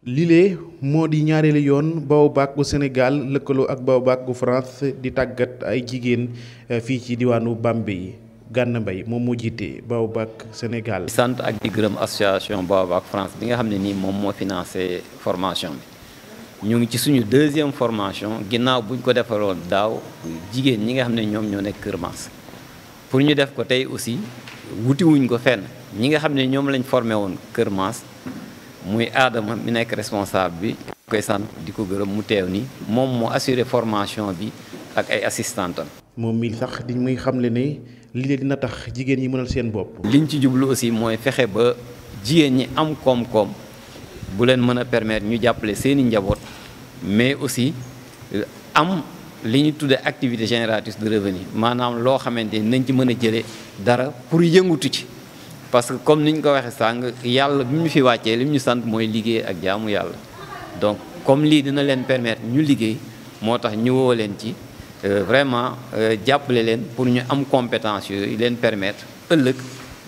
lile moo di ñaareelu yoon Baobab gu Sénégal lëkkaloo ak Baobab bu France di tàggat ay jigéen eh, fii ci diwaanu Bambey Gana Mbaye moom moo jiite Baobab Sénégal. sant ak di gërëm association Baobab France bi nga xam ne nii moom moo financé formation bi ñu ngi ci suñu deuxième formation ginnaaw buñ ko defaroon daaw jigéen ñi nga xam ne ñoom ñoo nekk Kër Maas pour ñu def ko tey aussi wuti ko fenn ñi nga xam ne ñoom lañ formé woon Kër muy aadama mi nekk responsable bi koy sant di ko gërëm mu teew nii moom moo assuré formation bi ak ay assistantam moom mii sax di muy xamle ni li de dina tax jigéen ñi mënal seen bopp liñ ci jublu aussi mooy fexe ba jigéen ñi am koom-koom bu leen mën a permettre ñu jàppale seeni njaboot mais aussi euh, am li ñu tuddee activité génératrice de revenu maanaam loo xamante nañ ci mën a jëlee dara pour yëngutu ci parce que comme ni ñu ko waxee sàng yàlla bi ñu fi wàccee li ñu sant mooy liggéey ak jaamu yàlla donc comme lii dina leen permettre ñu liggéey moo tax ñu wow leen ci euh, vraiment euh, jàppale leen pour ñu am compétence yooyu leen permettre ëllëg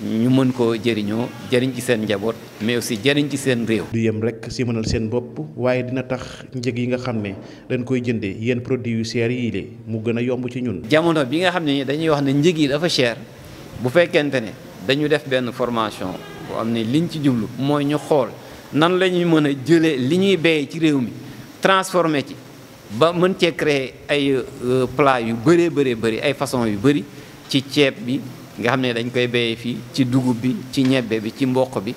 ñu mën koo jëriñoo jëriñ ci seen njaboot mais aussi jëriñ ci seen réew. du yem rek si mënal seen bopp waaye dina tax njëg yi nga xam ne dañ koy jëndee yenn produits yu cher yii de mu gën a yomb ci ñun. jamono bi nga xam ne dañuy wax ne njëg yi dafa cher bu fekkente ne. dañu def benn formation bu am ne liñ ci jublu mooy ñu xool nan la ñuy mën a jëlee li ñuy béyee ci réew mi transformé ci ba mën cee créer ay euh, plat yu bëree bëree bëri ay façon yu bëri ci ceeb bi nga xam ne dañ koy béyee fii ci dugub bi ci ñebbe bi ci mboq bi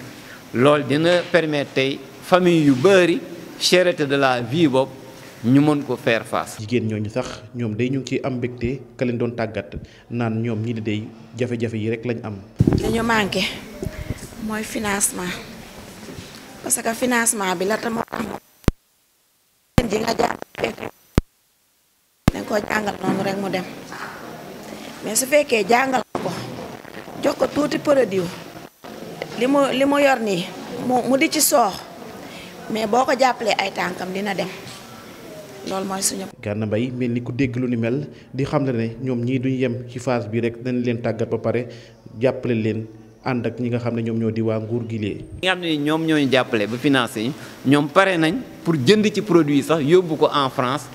loolu dina permettre tey famille yu bëri cherté de la vie boobu ñu mën ko faire face. jigéen ñooñu sax ñoom day ñu ciy am mbégte ka leen doon tàggat naan ñoom ñi di day jafe-jafe yi rek lañ am. dañu manqué mooy financement parce que financement bi la tam ji nga jàng dañ ko jàngal noonu rek mu dem mais su fekkee jàngal ko jox ko tuuti produit li mu li mu yor nii mu mu di ci soox mais boo ko jàppalee ay tànkam dina dem. loolu mooy suñu. Gana Mbaye mel ni ku dégg lu ni mel di xam ne ñoom ñii duñu yem ci phase bi rek dinañ leen tàggat ba pare jàppale leen ànd ak ñi nga xam ne ñoom ñoo di waa nguur gi lee. ñi nga xam ñoom ñoo ñu jàppale ba financer yi ñoom pare nañ pour jënd ci produit sax yóbbu ko en France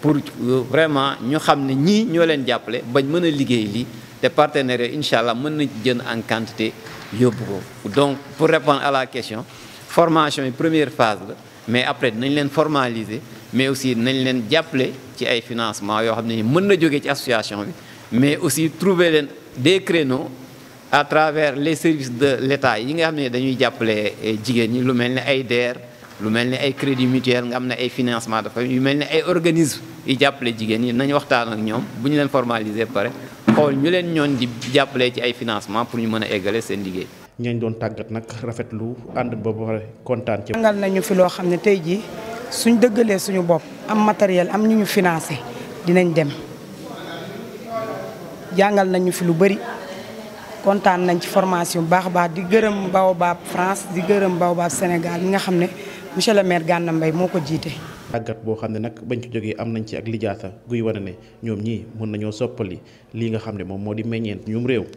pour euh, vraiment ñu xam ne ñii ñoo leen jàppale bañ mën a liggéey lii te partenaires incha allah mën nañ jënd en quantité yóbbu ko donc pour répondre à la question formation yi première phase la mais après dinañ leen formaliser. mais aussi nañ leen jàppale ci ay financement yoo xam ne mën na jógee ci association bi mais aussi trouver leen des créneaux à travers les service de l'État yi nga xam ne dañuy jàppale eh, jigéen ñi lu mel ne ay DER lu mel ne ay crédit mutuel nga am ne ay financement dafa yu mel ne ay organisme yi jàppale jigéen ñi nañu waxtaan ak ñoom bu ñu leen formaliser pare xool ñu leen ñoon di jàppale ci ay financement pour ñu mën a eggale seen liggéey. ñañ doon tàggat nag rafetlu ànd ba suñ dëggalee suñu bopp am matériel am ñu ñu financé dinañ dem jàngal nañu fi lu bari kontaan nañ ci formation bu baax a baax di gërëm Baobab France di gërëm Baobab Sénégal mi nga xam ne monsieur le maire Gana Mbaye moo ko jiite. tàggat boo xam ne nag bañ ci jógee am nañ ci ak lijaasa guy wane ne ñoom ñii mën nañoo soppali lii nga xam ne moom moo di meññeent ñum réew.